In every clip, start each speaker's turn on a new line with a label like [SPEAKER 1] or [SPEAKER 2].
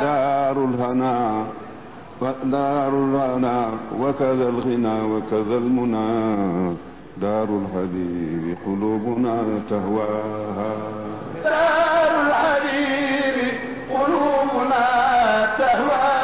[SPEAKER 1] دار الهنا دار الهنا وكذا الغنى
[SPEAKER 2] وكذا المنى دار الحبيب قلوبنا تهواها
[SPEAKER 3] دار الحبيب قلوبنا
[SPEAKER 1] تهواها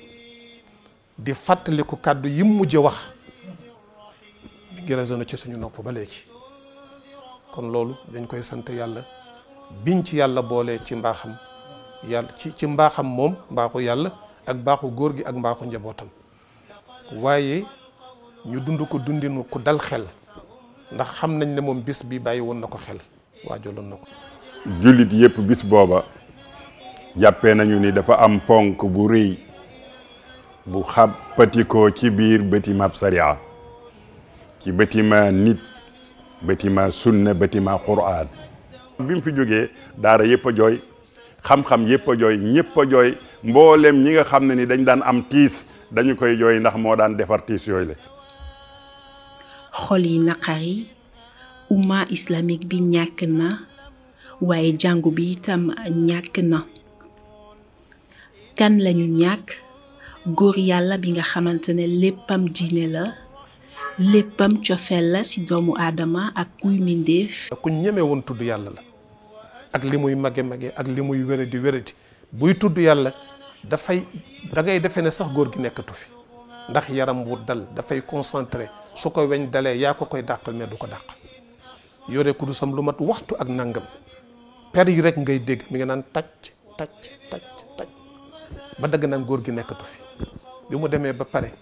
[SPEAKER 4] di fàttaliku kàddu yi mujj wax mi ngi résonné ci suñu nopp ba léegi kon loolu dañ koy sant yàlla biñ ci yàlla boolee ci mbaaxam yàlla ci mbaaxam moom mbaaxu yàlla ak mbaaxu góor gi ak mbaaxu njabootam waaye ñu dund ko dundinu ku dal xel ndax xam nañ ne moom bis bi bàyyi woon na ko xel waajaloon
[SPEAKER 5] na ko jullit yépp bis booba jàppe nañu ni dafa am ponk bu rëy bu xàppatikoo ci biir bëtima sariya ci bëtima nit bëtima sunna bëtima quraan bi mu fi jógee daara yëpp a jooy xam-xam yëpp a jooy ñëpp a jooy mboolem ñi nga xam ne ni dañ daan am tiis dañu koy jooy ndax moo daan defar tiis yooyu la
[SPEAKER 6] xol yi naqar yi islamique bi ñàkk na waaye jàngu bi itam ñàkk na kan lañu ñàkk góor yàlla bi nga xamante ne léppam diine la léppam cofeel la ci doomu aadama ak kuy mindeef
[SPEAKER 4] ku ñeme woon tudd yàlla la ak li muy mage mage ak li muy wéradi wéradi buy tudd yàlla dafay dangay defe ne sax góor gi nekkatu fi ndax yaram wu dal dafay concentré su ko weñ dalee yaa ko koy dàqal mais du ko dàq yore ku du sam lu mat waxtu ak nangam per yi rek ngay dégg mi nga naan tàcc tàcc ba dagg naan góor gi nekkatu fi bi mu demee ba pare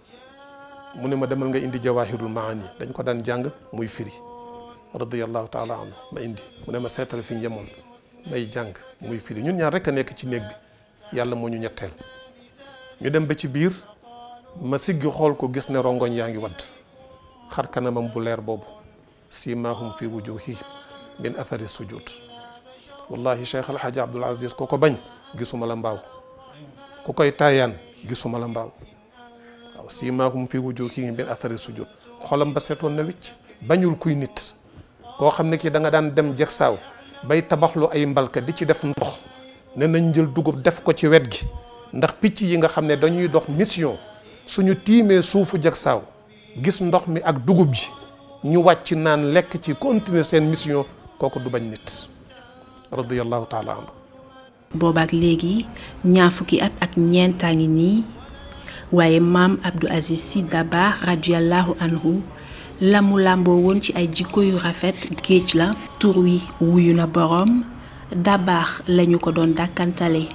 [SPEAKER 4] mu ne ma demal nga indi jawahirul maani dañ ko daan jàng muy firi radiyallahu taala anhu ma indi mu ne ma seetal fi ñu yemoon may jàng muy firi ñun ñaar rekk a nekk ci néeg bi yàlla moo ñu ñetteel ñu dem ba ci biir ma siggi xool ko gis ne rongoñ yaa ngi wadd xar kanamam bu leer boobu simaahum fi wujuhi min athari sujud wallahi cheikh alhaji abdul aziz ko ko bañ gisuma la mbaaw ku koy tayane gisuma la mbaaw waaw siimaahum fii ngi min athari sujud xolam ba banyul na wicc bañul kuy nit ko xamne ki da nga dan dem jexsaw bay tabaxlu ay mbalka di ci def ndox ne nañ jël dugub def ko ci wet gi ndax picci yi nga xamne dañuy dox mission suñu timé suufu jexsaw gis ndox mi ak dugub ji ñu wacc naan lek ci continuer sen mission koku du bañ nit radiyallahu taala anhu
[SPEAKER 6] boba legi ñaar fukki at ak ñentangi ni waye mam abdou aziz si daba radiallahu anhu lamu lambo won ci ay jikko yu rafet geej la tour wi wuyu na borom dabaax lañu ko dakantale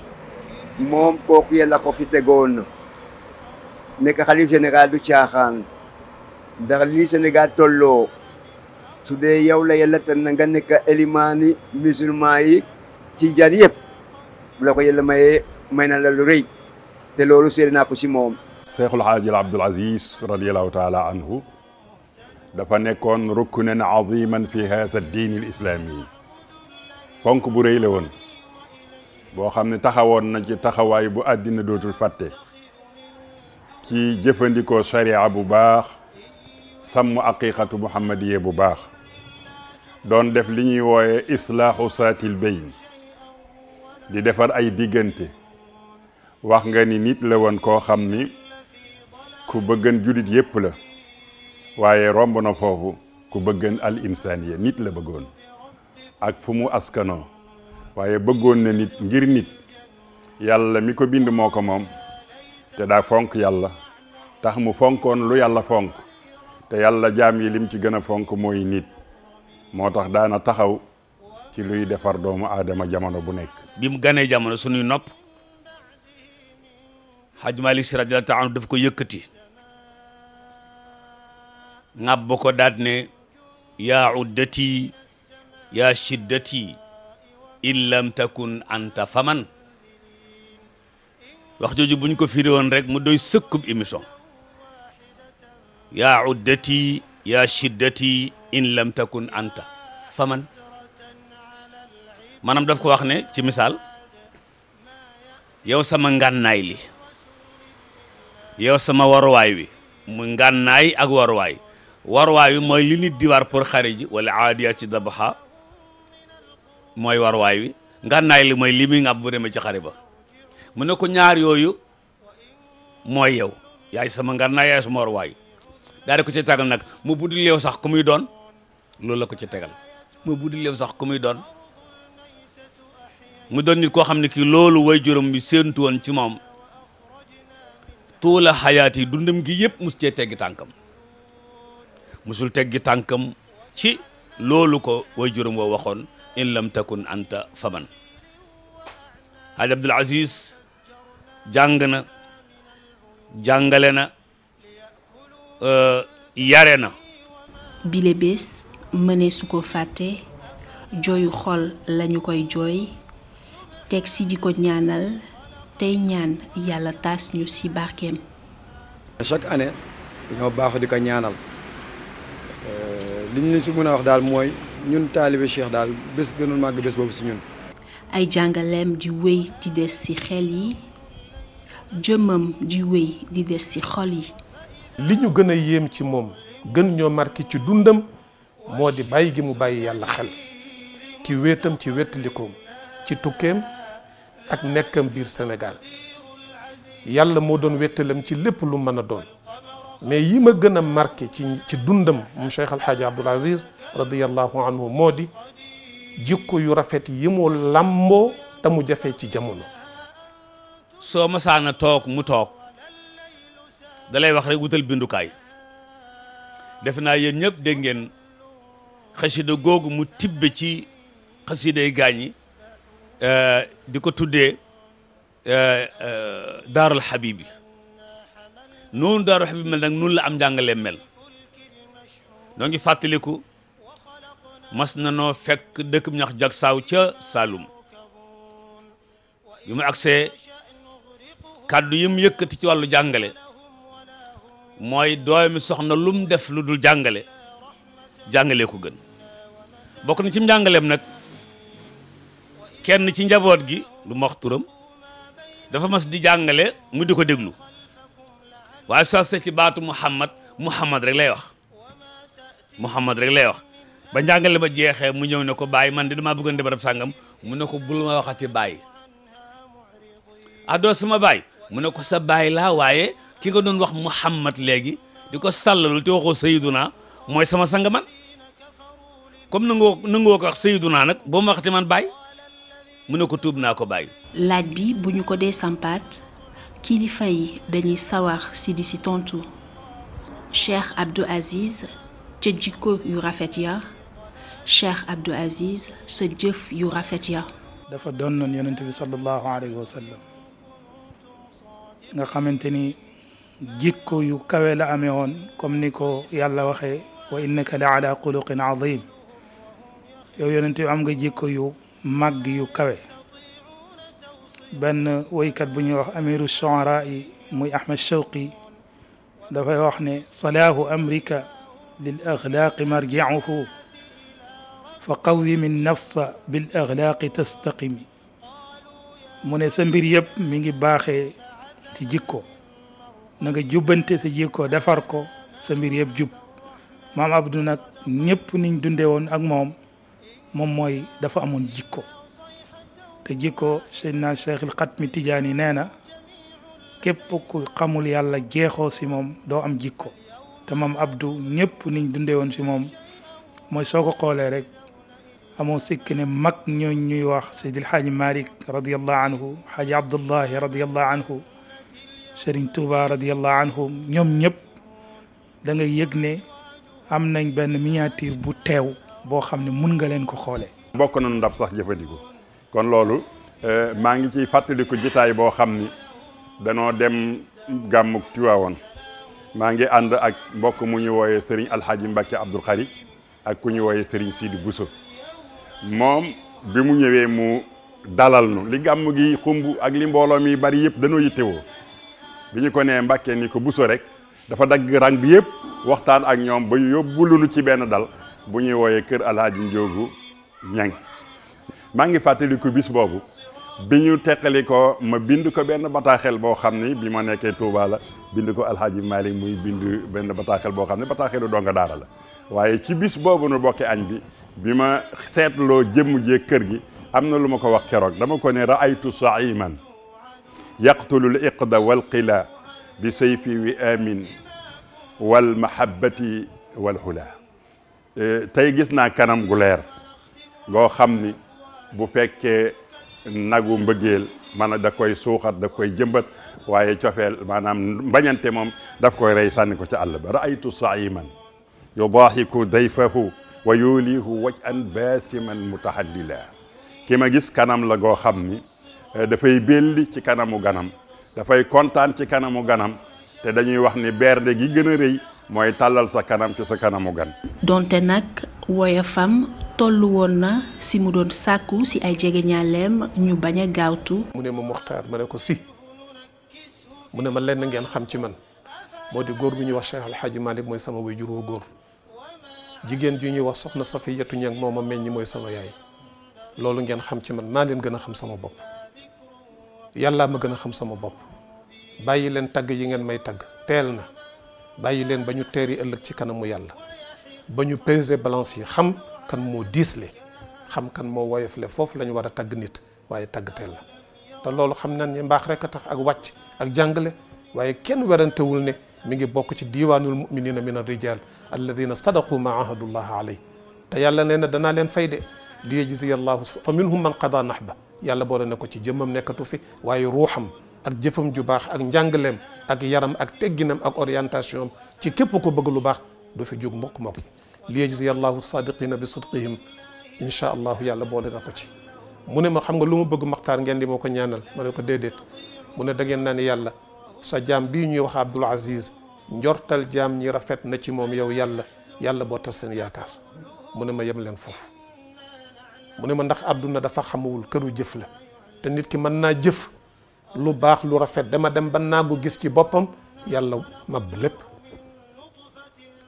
[SPEAKER 2] mom moom ye la ko fi ne ka khalif general du tiaxan dar li senegal tolloo su la yalla tan nga nek elimani musulman ci jani yep bu la ko yàlla mayee may na la lu rëy
[SPEAKER 5] te loolu seede naa ko si moom. Seexul Xaajil Abdul Aziz radiyallahu taala anhu dafa nekkoon ruknan aziman fi haasa diin al islaami ponk bu rëy la woon boo xam ne taxawoon na ci taxawaay bu àddina dootul fàtte ci jëfandikoo sharia bu baax sàmm aqiqatu muhammadiye bu baax doon def li ñuy wooye islaahu saatil bayn di defar ay diggante wax nga ni nit la woon koo xam ni ku bëggan jullit yépp la waaye romb na foofu ku bëggan al insaaniya nit la bëggoon ak fu mu askanoo waaye bëggoon na nit ngir nit yàlla mi ko bind moo ko moom te daa fonk yàlla tax mu fonkoon lu yàlla fonk te yàlla jaam yi lim ci gën a fonk mooy nit moo tax daana taxaw ci luy defar doomu aadama jamono bu nekk
[SPEAKER 7] bi gané jamono suñuy nop hajj Malik Si radiyallaahu taala daf ko yëkëti ngab ko daat ne ya uddati ya shiddati in lam takun anta faman wax joju buñ ko firi won rek mu doy sëkkub émission ya uddati ya shiddati in lam takun anta faman maanaam daf ko wax ne ci misaal yow sama ngànnaay li yow sama waruwaay wi mu ngànnaay ak waruwaay waruwaay wi mooy li nit di war pour xare ji wala aadiya ci dabaxa mooy waruwaay wi ngànnaay li mooy li muy ngàbb bu demee ci xare ba mu ne ko ñaar yooyu mooy yow yaay sama ngànnaay yaay sama waruwaay daal di ko ci tegal nag mu buddi leew sax ku muy doon loolu la ko ci tegal mu buddi leew sax ku muy doon mu doon nit koo xam ne kii loolu way juróom bi séentu woon ci moom tuula xayaat yi dundam gi yëpp mus cee teggi tànkam musul teggi tànkam ci loolu ko way juróom woo waxoon in lam takun anta faman Haaj Abdul Aziz jàng na jàngale na euh, yare
[SPEAKER 6] na bile bés mënee su ko fàtte jooyu xol lañu koy jooy teg si di ko ñaanal tey ñaan yàlla taas ñu si barkeem.
[SPEAKER 3] chaque année ñoo baaxu di ko ñaanal euh, li ñu si mën a wax daal mooy ñun taalibe Cheikh daal bés gënul màgg bés boobu si ñun.
[SPEAKER 6] ay jàngaleem di wéy di des ci xel yi jëmmam di wéy di des ci xol yi.
[SPEAKER 4] li ñu gën a yéem ci moom gën ñoo marqué ci dundam moo di bàyyi gi mu bàyyi yàlla xel ci wéetam ci wéttalikoom ci tukkeem ak nekkam biir senegal yàlla moo doon wettalam ci lépp lu mën a doon mais yi ma gën a marqué ci ci dundam mu Cheikh Al Hadj Abdoul Aziz radiyallahu moo di jikko yu rafet yi mu làmboo te mu jafe ci jamono.
[SPEAKER 7] soo masaana toog mu toog dalay wax rek wutal bindukaay defe naa yéen ñëpp dégg ngeen xasida googu mu tibbe ci xasiday yi Eh, di ko tuddee eh, eh, daarul xabib yi noonu daarul xabib mel nag noonu la am njàngaleem mel noo ngi fàttaliku mas na noo fekk dëkk bi ñuy wax ca Saalum bi mu agsee kàddu yi mu yëkkati ci wàllu jàngale mooy doomi soxna lum def lu dul jàngale jàngalee ko gën bokk na ci njàngaleem nag kenn ci njabot gi lu ma turam dafa mas di jangale mu di ko déglu ci batu muhammad muhammad rek lay wax muhammad rek lay wax ba njàngale ba jeexee mu ñew ne ko man di barab mu ne ko bul ma waxati bàyyi ado ah, sama wae, mu ne ko sa la waye ki ko doon wax muhammad legi, diko ko te waxo sayyiduna moy sama sang man comme nangoo nangoo ko wax ma waxati man mu ko tuub naa ko bàyyi.
[SPEAKER 6] laaj bi bu ñu ko dee sampaat kilifa yi dañuy sawar sidi di si tontu Cheikh Abdou Aziz ca jikko yu rafet ya Cheikh Abdou Aziz sa jëf yu rafet ya.
[SPEAKER 1] dafa donnoon yonent bi sallallahu alayhi wa sallam nga xamante ni jikko yu kawe la amee woon comme ni ko yàlla waxee wa innaka la ala xuluqin azim yow yonent bi am nga jikko yu. مجيو كاوي بن ويكت بنيو امير الشعراء مي احمد شوقي دفا يوحني صلاه امريكا للاخلاق مرجعه فقوم النفس بالاخلاق تستقيم من سمبر يب ميغي باخي تي جيكو نغا جوبنتي سي جيكو دفاركو سمبر يب جوب مام عبدو نيب نين دوندي وون اك moom mooy dafa amoon jikko te jikko Seydina Cheikhul Xatmi Tijaani nee na képp ku xamul yàlla jeexoo si moom doo am jikko te moom Abdou ñëpp niñ dundee woon si moom mooy soo ko xoolee rek amoo sikk ne mag ñoo ñuy wax Seydil Xaaji Malik radiallahu anhu Xaaji Abdullahi radiallahu anhu Serigne Touba radiallahu anhu ñoom ñëpp danga ngay ne am nañ benn miniature bu teew boo xam ne mun nga leen ko xoolee.
[SPEAKER 5] bokk nañu ndab sax jëfandikoo kon loolu euh, maa ngi ciy fàttaliku jitaay boo xam ni danoo dem gàmmug Tiwaawoon maa ngi ànd ak mbokk mu ñu wooyee Serigne alxaaji Mbacke Abdoul Khari ak ku ñu wooyee Serigne Sidi Bousso moom bi mu ñëwee mu dalal nu li gàmm gi xumb ak li mbooloo mi bari yëpp danoo yittewoo bi ñu ko nee Mbacke ni ko buso rek dafa dagg rang bi yëpp waxtaan ak ñoom ba yóbbu lu nu ci benn dal. bu ñuy wooyee kër alaaji Njoogu Ñang maa ngi fàttaliku bis boobu bi ñu teqali ko ma bind ko benn bataaxel boo xam ni bi ma nekkee Touba la bind ko alxaaji Malick muy bind benn bataaxel boo xam ne donga daara la waaye ci bis boobu nu bokkee añ bi bi ma seetloo jëmm kër gi am na ko wax keroog dama ko ne raaytu saiman yaqtulu l iqda walqila bi sayfi wi amin walmahabati walhula Eh, tey gis naa kanam gu leer goo xam ni bu fekkee nagu mbëggeel man da koy suuxat da koy jëmbat waaye cofeel maanaam mbañante moom daf koy rey sànni ko ci àll ba raaytu saiman day dayfahu wa yulihu waj an baasiman mutahallila ki ma gis kanam la goo xam ni eh, dafay belli ci kanamu ganam dafay kontaan ci kanamu ganam te dañuy wax ni bernde gi gën a mooy tàllal sa kanam ci sa kanamu gan.
[SPEAKER 6] donte nag woyofam tollu woon na si mu doon sàkku si ay jegeñaaleem ñu bañ a gaawtu. mu ne ma Muxtaar
[SPEAKER 4] ma ne ko si mu ne ma leen ngeen xam ci man moo di góor gu ñuy wax Cheikh El Hadj Malick mooy sama waajur wu ju ñuy wax Soxna Safiyatu Ñaŋ moo ma meññ mooy sama yaay loolu ngeen xam ci man maa leen gën a xam sama bopp yàllaa ma gën a xam sama bopp bàyyi leen tagg yi ngeen may tagg teel na. bàyyi len ba ñu teeri ci kanamu yàlla bañu pesé balance yi xam kan mo disle xam kan mo woyofle foofu la ñu war a nit waye tagg teel la te loolu xam nañ ni mbax rek tax ak wàcc ak jàngale waye kenn werantewul ne mi ngi bok ci diwanul muminina min ar-rijal alladhina sadaqu ma ahadullah alay te yàlla nee dana len leen fay de li yajzi allah fa minhum man qada nahba yàlla la ne ko ci jëmmam nekatu fi waye ruham ak jëfëm ju baax ak njàngaleem ak yaram ak tegginam ak orientation ci képp ko bëgg lu baax du fi jóg mbokk mbokk li yajzi allahu sadiqina bi sidqihim insha allahu yàlla boole na ko ci mu ne ma xam nga lu ma bëgg maxtaar ngeen di moo ko ñaanal ma ne ko déedéet mu ne da ngeen naa yàlla sa jaam bii ñuy wax Abdul Aziz njortal jaam ñi rafet na ci moom yow yàlla yàlla boo tas seen yaakaar mu ne ma yem leen foofu mu ne ma ndax àdduna dafa xamul këru jëf la te nit ki mën naa jëf lu baax lu rafet dama dem ba naagu gis ci boppam yàlla mab lépp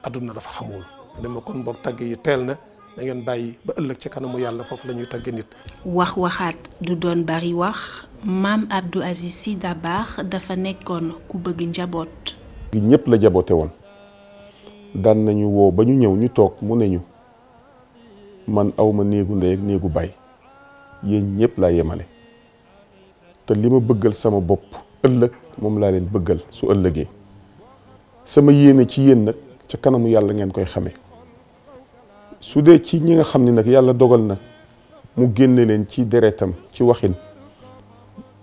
[SPEAKER 4] àdduna dafa xamul ne ma kon boog tagg yi teel na dangeen ngeen bàyyi ba ëllëg ci kanamu yàlla foofu lañuy ñuy tagg nit.
[SPEAKER 6] wax waxaat du doon bari wax maam Abdou Aziz Sy Dabakh dafa nekkoon ku bëgg njaboot.
[SPEAKER 8] ñëpp la jaboote woon daan nañu woo ba ñu ñëw ñu toog mu ne ñu man awma néegu ndey ak néegu baay yéen ñëpp laa yemale. te li ma bëggal sama bopp ëllëg moom laa leen bëggal su ëllëgee sama yéene ci yéen nag ca kanamu yàlla ngeen koy xamee su dee ci ñi nga xam ni nag yàlla dogal na mu génne leen ci deretam ci waxin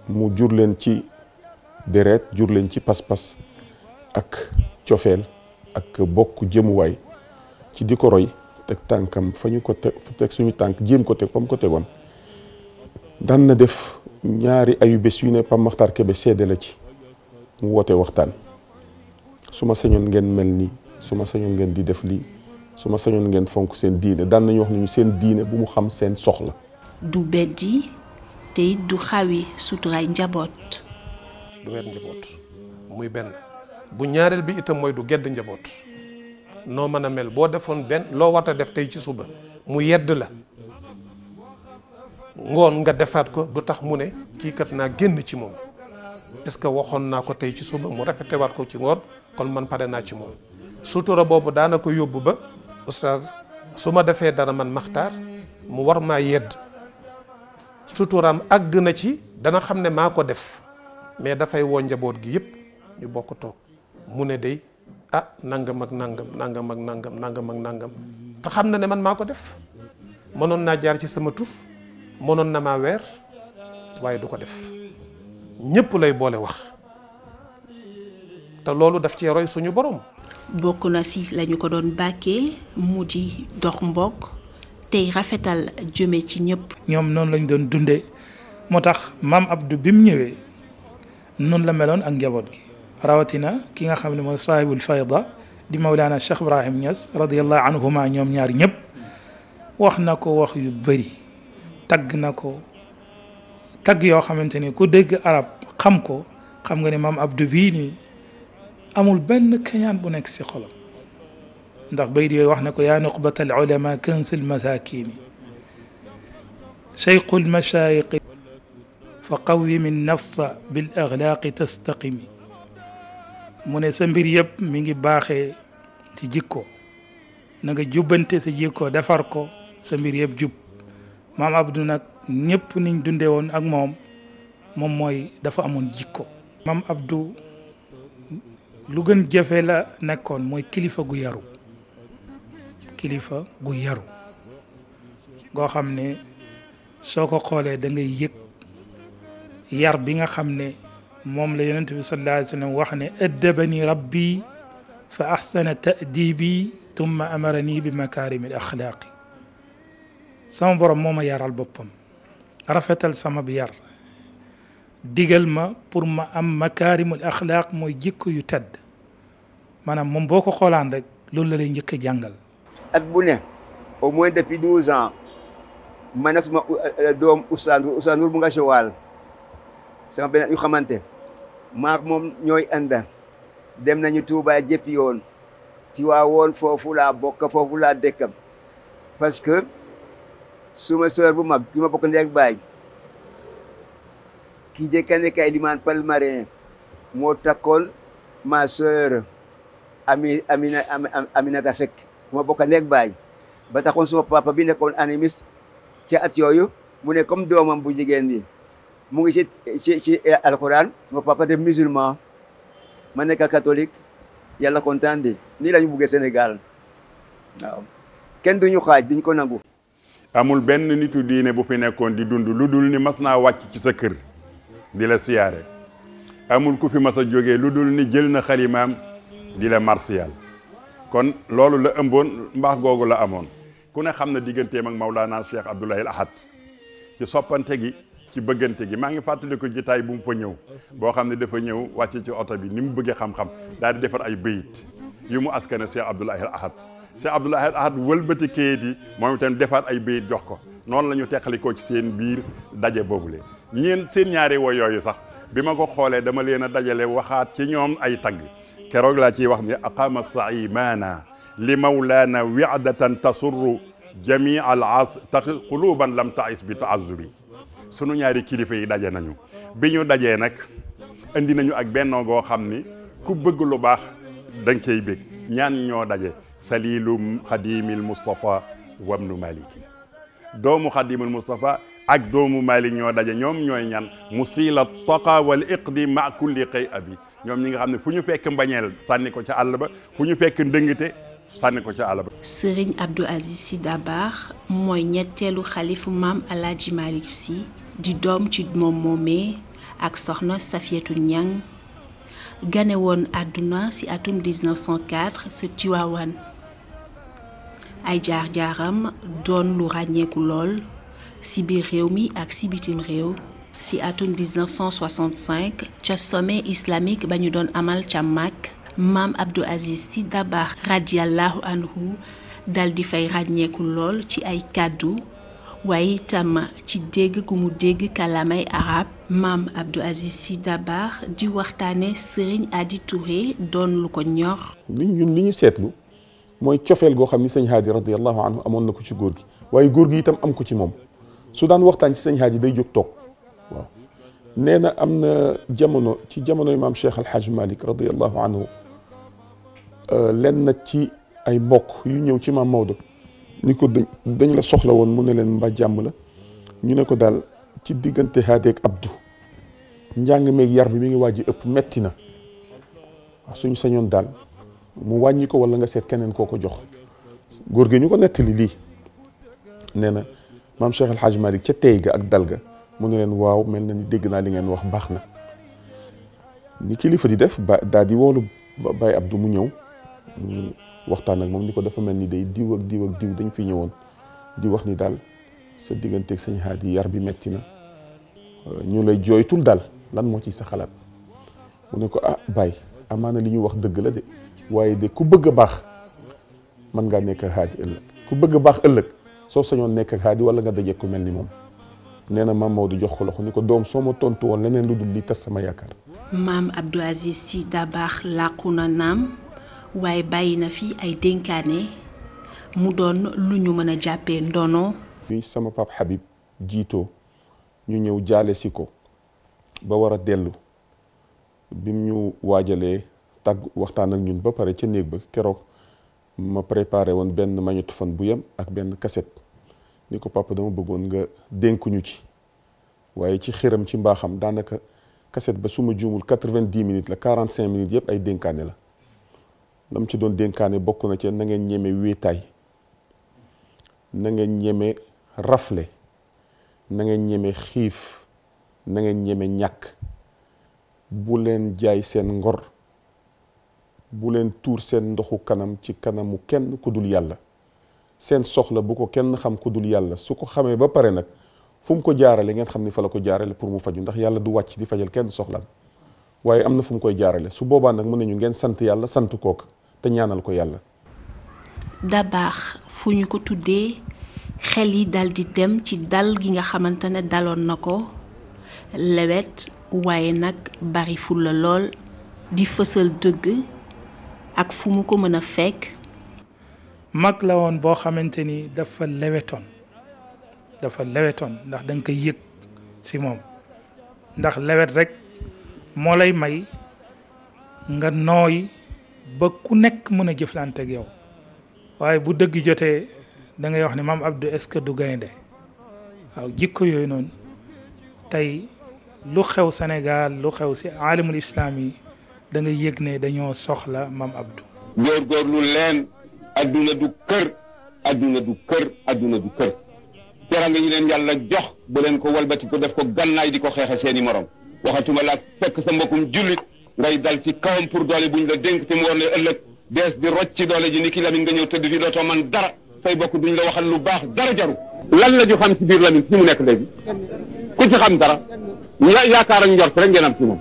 [SPEAKER 8] mu jur leen ci deret jur leen ci pas-pas ak cofeel ak bokk jëmuwaay ci di ko roy teg tànkam fa ñu ko teg suñu tànk jéem ko teg fa mu ko tegoon daan na def ñaari ayu bés yu ne Pape Makhtar Kébé la ci mu woote waxtaan su ma sañoon ngeen mel nii su ma sañoon ngeen di def lii suma ma sañoon ngeen fonk seen diine daan nañu wax ni seen diine bu mu xam seen soxla.
[SPEAKER 6] du beddi te it du xawi suturaay njaboot.
[SPEAKER 4] du weer njaboot muy benn bu ñaareel bi itam mooy du gedd njaboot noo mën a mel boo defoon benn loo war def tey ci suba mu yedd la. ngoon nga defaat ko du tax mu ne kii kat naa génn ci moom parce que waxoon naa ko tey ci suba mu répété waat ko ci ngoon kon man pare naa ci moom sutura boobu daana ko yóbbu ba oustaz su ma defee dara man maxtaar mu war maa yedd suturaam àgg na ci dana xam ne maa ko def mais dafay woo njaboot gi yëpp ñu bokk toog mu ne dey ah nangam ak nangam nangam ak nangam nangam ak nangam te xam na ne man maa ko def mënoon naa jaar ci sama tur mënoon na maa weer waaye du ko def ñëpp lay boole wax te loolu daf cee roy suñu borom.
[SPEAKER 6] bokk na si lañu ko doon bàkkee mu di dox mbokk tey rafetal jëme ci ñëpp.
[SPEAKER 1] ñoom noonu lañu doon dundee moo tax maam Abdou bi mu ñëwee noonu la meloon ak njaboot gi rawatina ki nga xam ne mooy saahibul fayda di Mawlana Cheikh Ibrahim Niass radiyallahu anhuma ñoom ñaar ñëpp wax na ko wax yu bari tagg na ko tagg yoo xamante ni ku dégg arab xam ko xam nga ne maam Abdou bii nii amul benn kañaan bu nekk si xolam ndax bayit yooyu wax na ko yaa nuqbat al ulama kansul masakini شيخ المشايخ فقوم النفس بالأغلاق تستقم mu ne sa mbir yëpp mi ngi baaxee ci jikko na nga jubbante sa jikko defar ko sa mbir yëpp jub maam Abdou nak ñëpp niñ dundé won ak mom mom moy dafa amone jikko. maam Abdou lu gën jëfé la nekkon moy kilifa gu yaru kilifa gu yaru go xamné soko xolé da ngay yek yar bi nga xamné mom moom la yonent bi sallallahu alayhi wasallam sallam wax ne addabani rabbi fa ahsana ta'dibi tumma amarani bi makarimil axlaaqi sama borom moma yaral bopam rafetal sama bi yar digal ma pour ma am makaarimul akhlaq moy jikko yu tedd manam mom boko xolan rek lolou la lay ñëk jàngal
[SPEAKER 2] at bu ne au moins depuis 12 ans man ak sama doom Oustaz Ndour bu nga ci wal sama ben yu xamante maak mom ñoy ànd dem nañu Touba jëpp yoon ci waa woon foofu laa bokk fofu la dekk parce que suma sœur bu mag ki ma bokk ndey ak baay kii de Kandé Kay Elimane Palmarin moo takkoon ma sœur ami Amina Aminata ma bokk nekk ak baay ba taxoon suma papa bi nekkoon animiste ci at yooyu mu ne comme doomam bu jigéen bi mu ngi ci ci ci alxuraan papa de musulman ma nekk katolik yàlla kontaan di nii la ñu buggee Sénégal
[SPEAKER 5] waaw kenn duñu xaaj duñ ko nangu amul benn nitu diine bu fi nekkoon di dund lu dul ni mas naa wàcc ci sa kër di la siyaare amul ku fi mas a jógee lu dul ni jël na xalimaam di la marsiyal kon loolu la ëmboon mbaax googu la amoon ku ne xam na digganteem ak Maulana Cheikh Abdoulahil Ahad ci soppante gi ci bëggante gi maa ngi fàttaliku jitaay bu mu fa ñëw boo xam ne dafa ñëw wàcce ci oto bi ni mu bëggee xam-xam daal di defar ay bëyit yu mu askane Cheikh Abdoulahil Ahad سي عبد الله احد ولبتي كيدي مومي تام ديفات اي بيت جوخكو نون لا نيو تخليكو سي سين بير داجي بوبولي نين سين نياري وو يوي صاح بما كو خوله داما لينا داجالي وخات سي نيوم اي تاغ كيروغ لا تي واخني اقام الصعيمانا لمولانا وعدة تسر جميع العاص قلوبا لم تعيش بتعذب سونو نياري كليفه داجي نانيو بي نيو داجي نك اندي نانيو اك بنو غو خامني كو بغلو باخ دنجي بيك نيان نيو داجي saliilum xadiimil Moustapha wabnu Malik doomu xadiimil Moustapha ak doomu Malik ñoo daje ñoom ñooy ñan mu siila toqa wal iqdi ma kulli xëy abi ñoom ñi nga xam ne fu ñu fekk mbañeel sànni ko ca àll ba fu ñu fekk ndëngte sànni ko ca àll
[SPEAKER 6] ba. Serigne Abdou Aziz Sy Dabakh mooy ñetteelu xalifu maam El Hadj Malick Sy di doom ci moom moomee ak soxna Safiatou Niang gane woon àdduna ci atum 1904 sa Tiwaawan. ay jaar Don doon lu ràññeeku lool si biir 1965 ca sommet islamique ba amal Chamak, Mam mam Abdou Aziz Sy radiallahu anhu dal di fay ràññeeku lool ci ay kàddu waaye ci arab Mam Abdou Aziz si dabar di waxtaane Serigne Adi Touré doon lu ko
[SPEAKER 8] moy tiofel go xamni seigne hadi radiyallahu anhu amon nako ci gorgui waye gorgui itam am ko ci mom su dan waxtan ci seigne hadi day jóg tok waaw nee na jamono ci jamono imam Cheikh Al Hadj Malick radiallahu anhu len ci ay mbok yu ñëw ci maam mawdu niko dañ la soxla won mu ne len mba jàmm la ñu ne ko dal ci digante hadi ak abdu njàng meek yar bi mi ngi waji ep metti na suñu señon dal mu wàññi ko wala nga seet keneen koo ko jox góor gi ñu ko nettali lii nee na maam Cheikh El Hadj ca tey ga ak dal ga mu ne leen waaw mel na ni dégg naa li ngeen wax baax na ni kilifa di def ba daal di woolu Baye Abdou mu ñëw waxtaan ak moom ni ko dafa mel ni day diw ak diw ak diw dañ fi ñëwoon di wax ni daal sa digganteeg sëñ Haadi yar bi metti na euh, ñu lay jooytul daal lan moo ciy sa xalaat mu ne ko ah Baye amaana li ñu wax dëgg la de. waaye de ku bëgg a baax mën ngaa nekk ak xaadi ëllëg ku bëgg a baax ëllëg soo sañoon nekk ak xaadi wala nga daje ko mel ni moom nee na moo Maodo jox ko loxo ni ko doom soo ma tontu woon leneen lu dul li tas sama yaakaar.
[SPEAKER 6] maam Abdou Aziz Sy Dabakh làqu na naam waaye bàyyi na fi ay dénkaane mu doon lu ñu mën a jàppee ndono.
[SPEAKER 8] bi sama pap Habib jiitoo ñu ñëw jaale si ko ba war a dellu bim ñu waajalee. tàgg waxtaan ak ñun ba pare ca néeg ba keroog ma préparé woon benn magnétophone bu yem ak benn kaset ni ko papa dama bëggoon nga dénkuñu ci waaye ci xiram ci mbaaxam daanaka cassette ba su ma juumul quatre-vingt-dix minutes la quarante-cinq minutes yëpp ay dénkaane la lam ci doon dénkaane bokk na ci na ngeen ñeme wéetaay na ngeen ñeme rafle nangeen ñeme xiif na ngeen ñeme ñàkk bu leen jaay seen ngor bu leen tuur seen ndoxu kanam ci kanamu kenn ku dul yàlla seen soxla bu ko kenn xam ku dul yàlla su ko xamee ba pare nag fu mu ko jaarale ngeen xam ni fa la ko jaarale pour mu faju ndax yàlla du wàcc di fajal kenn soxlaam waaye am na fu mu koy jaarale su boobaa nag mën nañu ngeen sant yàlla sant kooku te ñaanal ko yàlla.
[SPEAKER 6] dabaax fu ñu ko tuddee xel yi dal di dem ci dal gi nga xamante ne daloon na ko lewet waaye nag bari fulla lool di fësal dëgg. ak fu mu ko mën a fekk.
[SPEAKER 1] mag la woon boo xamante ni dafa lewetoon dafa lewetoon ndax danga koy yëg si moom ndax lewet rek moo lay may nga nooy ba ku nekk mën a jëflante ak yow waaye bu dëgg jotee da ngay wax ne maam Abdou est-ce que du gaynde waaw jikko yooyu noonu tey lu xew Sénégal lu xew si aalimul islaam yi da nga yëg ne dañoo soxla maam Abdou.
[SPEAKER 7] lu leen adduna du
[SPEAKER 2] kër duna du kër adduna du kër teranga yi leen yàlla jox bu leen ko walbati ko def ko gannaay di ko xeexe seeni morom waxatuma laa fekk sa mbokkum jullit ngay dal ci kawam pour doole bu ñu la denk te mu war la ëllëg di rocc ci doole ji ni ki Lamine nga tëdd fi dootoo
[SPEAKER 7] man dara say bokk duñ la waxal lu baax dara jaru lan la ñu xam ci la Lamine ci mu nekk léegi ku ci xam dara yaakaar ak njort rek ngeen am ci moom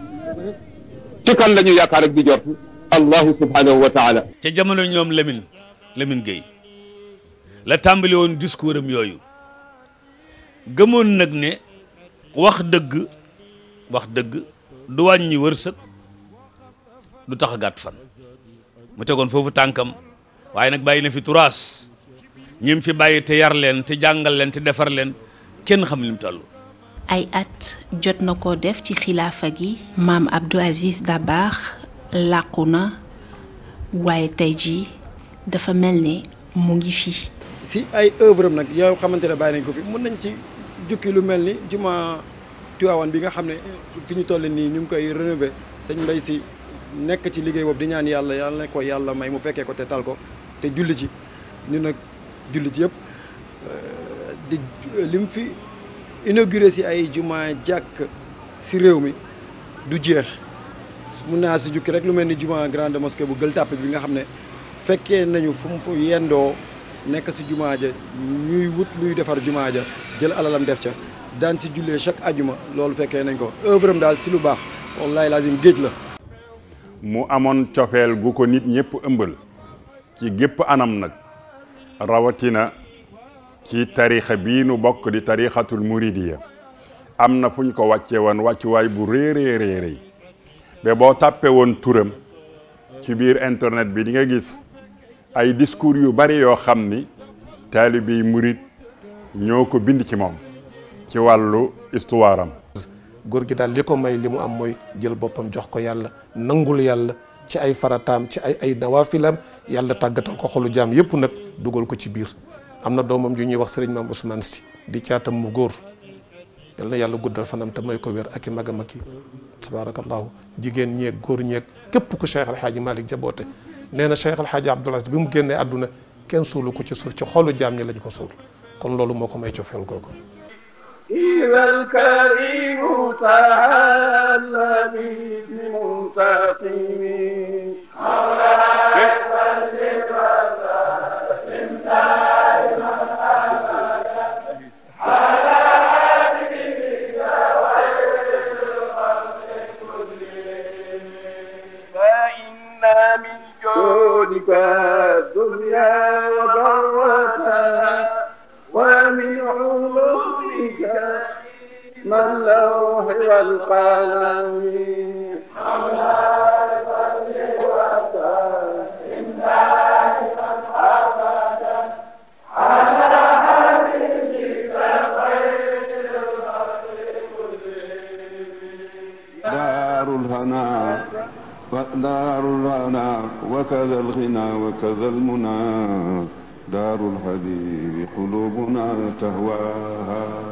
[SPEAKER 7] ci kan la ñu yaakaar ak di jort allahu subhanahu wa taala ca jamono ñoom Lamine Lamine Gueye la tàmbali woon discours am yooyu gëmoon nag ne wax dëgg wax dëgg du wàññi wërsëg du tax a gàtt fan mu tegoon foofu tànkam waaye nag bàyyi na fi turaas ñim fi bàyyi te yar leen te jàngal leen te defar leen kenn xam lim tollu
[SPEAKER 6] ay at jot na ko def ci xilaafa gi maam Abdou Aziz Dabakh làqu na waaye tey dafa mel mu ngi fi.
[SPEAKER 3] si ay œuvre am nag yow xamante ne bàyyi nañ ko fi mën nañ ci jukki lu mel ni juma Tiwaawan bi nga xam ne fi ñu toll nii ñu koy si nekk ci liggéey boobu di ñaan yàlla yàlla ko yàlla may mu fekkee ko te ko te julli ci ñu nag julli ci eh, di lim fi. inauguré si ay jumaa jàkk si réew mi du jeex mun naa si jukki rek lu mel ni juma grande mosquée bu Gueule Tapée bi nga xam ne fekkee nañu fu mu yendoo nekk si juma ja ñuy wut luy defar juma ja jël alalam def ca daan si jullee chaque ajuma loolu fekkee nañ ko œuvre daal si lu baax wallaay lazim géej la
[SPEAKER 5] mu amoon copeel gu ko nit ñëpp ëmbal ci gépp anam nag rawatina ci tarixa bii nu bokk di tarixatul muridiya am na fuñ ko wàcce woon wàccuwaay bu réeree réeree ba boo tàppee woon turam ci biir internet bi di nga gis ay discours yu bari yoo xam ni taalibi murid ñoo ko bind ci moom ci wàllu histoire am
[SPEAKER 4] góor gi daal li ko may li mu am mooy jël boppam jox ko yàlla nangul yàlla ci ay farataam ci ay ay nawafilam yàlla tàggatal ko xolu jaam yépp nag dugal ko ci biir am na doomam ju ñuy wax sëriñ maam Ousmane si di caatam mu góor yal na yàlla guddal fanam te may ko wér ak i mag a mag yi tabaarakallaahu jigéen ñeeg góor ñeeg képp ku Cheikh Alhaaji Malick jaboote nee na Cheikh Alhaaji Abdoul bi mu génnee àdduna kenn suulu ko ci suuf ci xolu jaam ñi lañ ko suul kon loolu moo ko may cofeel googu
[SPEAKER 2] إذا
[SPEAKER 3] الكريم تعالى بمنتقمين الدنيا وضرتها ومن علومك ما اللوح والقلم
[SPEAKER 2] وكذا الغنى وكذا المنى دار الحبيب قلوبنا تهواها